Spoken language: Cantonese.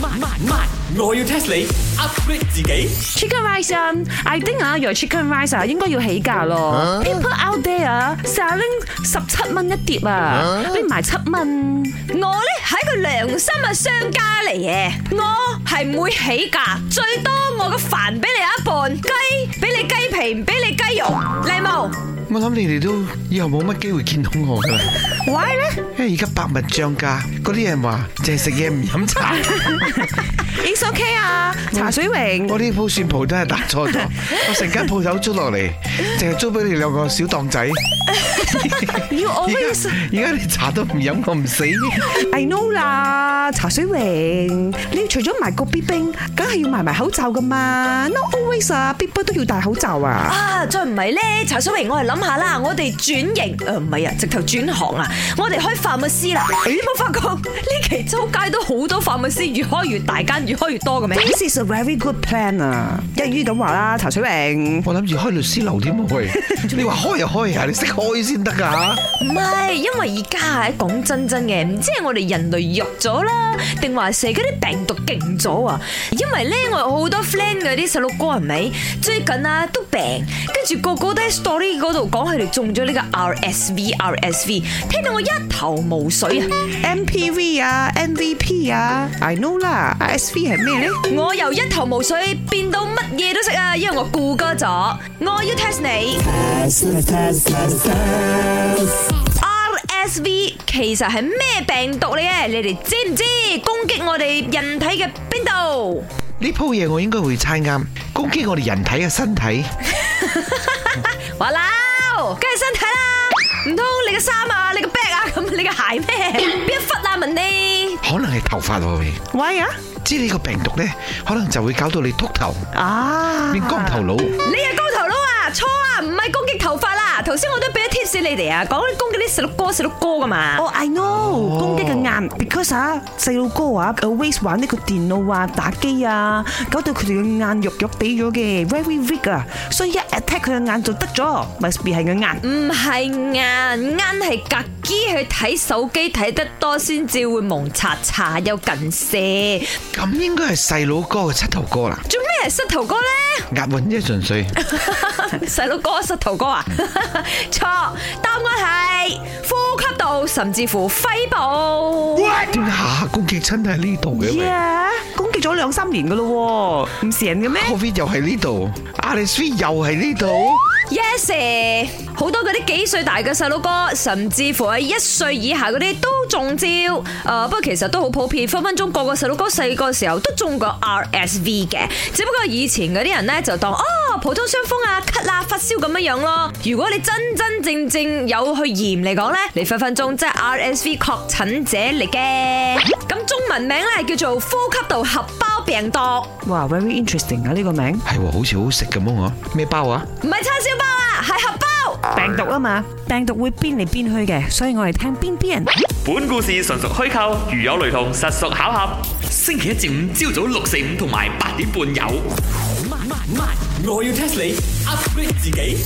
慢慢慢，我要 test 你 upgrade 自己 chicken rice 啊！I think 啊，your chicken rice 啊應該要起價咯。People out there，成日十七蚊一碟啊，拎埋七蚊。我咧係一個良心嘅商家嚟嘅，我係唔會起價，最多我個飯俾你一半，雞俾你雞皮，唔俾你雞肉。Limau，我諗你哋都以後冇乜機會見到我嘅。因為而家百物漲價，嗰啲人話淨係食嘢唔飲茶。It's OK 啊，茶水榮。我呢鋪算鋪都係打錯咗，我成間鋪頭租落嚟，淨係租俾你兩個小檔仔。You always，而家你茶都唔飲，我唔死。I know 啦，茶水榮，你除咗賣個 BB，梗係要賣埋口罩噶嘛。No always 啊，BB 都要戴口罩啊。啊，再唔係咧，茶水榮，我嚟諗下啦，我哋轉型，唔係啊，直頭轉行啊。我哋開法務師啦，你有冇發覺呢期周街都好多法務師，越開越大間，越開越多嘅咩？This is a very good plan 啊、mm.！一於噉話啦，譚水榮，我諗住開律師樓添啊！ 你話開就開啊，你識開先得噶。唔係，因為而家係講真真嘅，唔知係我哋人類弱咗啦，定話成嗰啲病毒勁咗啊？因為咧，我有好多 friend 嘅啲細路哥係咪最近啊都病，跟住個個都喺 story 嗰度講佢哋中咗呢個 RSV，RSV。令我一頭霧水啊！MPV 啊，MVP 啊，I know 啦，RSV 係咩咧？我由一頭霧水變到乜嘢都識啊！因為我顧哥咗，我要 test 你。RSV 其實係咩病毒嚟嘅？你哋知唔知攻擊我哋人體嘅邊度？呢鋪嘢我應該會猜啱，攻擊我哋人體嘅身體。話啦，梗係身體啦，唔通你嘅衫啊？鞋咩？邊一忽啊？問你，可能係頭髮喎。喂啊，知你個病毒咧，可能就會搞到你禿頭啊、ah。變光頭佬，你係光頭佬啊？錯啊，唔係攻擊頭。頭先我都俾咗貼士你哋啊，講攻擊啲細路哥細路哥㗎嘛。哦，I know，攻擊個眼。Because 啊，細路哥啊，always 玩呢個電腦啊、打機啊，搞到佢哋嘅眼弱弱地咗嘅，very weak 啊。所以一 attack 佢嘅眼就得咗，咪係個眼。唔係眼，眼係格機去睇手機睇得多先至會蒙查查，又近視。咁應該係細路哥嘅膝頭哥啦。做咩係膝頭哥咧？押韻啫，純粹。細佬哥、膝頭哥啊？錯、嗯，答案係呼吸道，甚至乎肺部 Yeah,。點解下下攻擊親都係呢度嘅？咩？攻擊咗兩三年噶咯，唔蝕人嘅咩？COVID 又係呢度，R S V 又係呢度。Yes，好多嗰啲幾歲大嘅細佬哥，甚至乎喺一歲以下嗰啲都中招。誒，不過其實都好普遍，分分鐘個個細佬哥細個時候都中過 R S V 嘅。只不過以前嗰啲人咧就當哦。普通傷風啊、咳啊、發燒咁樣樣咯。如果你真真正正有去驗嚟講咧，你分分鐘即係 RSV 確診者嚟嘅。咁中文名咧叫做呼吸道合胞病毒。哇，very interesting 啊！呢、這個名係、哦、好似好食咁樣？咩包啊？唔係叉燒包啊！係核包病毒啊嘛，病毒會變嚟變去嘅，所以我哋聽邊啲人。本故事純屬虛構，如有雷同，實屬巧合。星期一至五朝早六四五同埋八點半有。我要 test 你 upgrade 自己。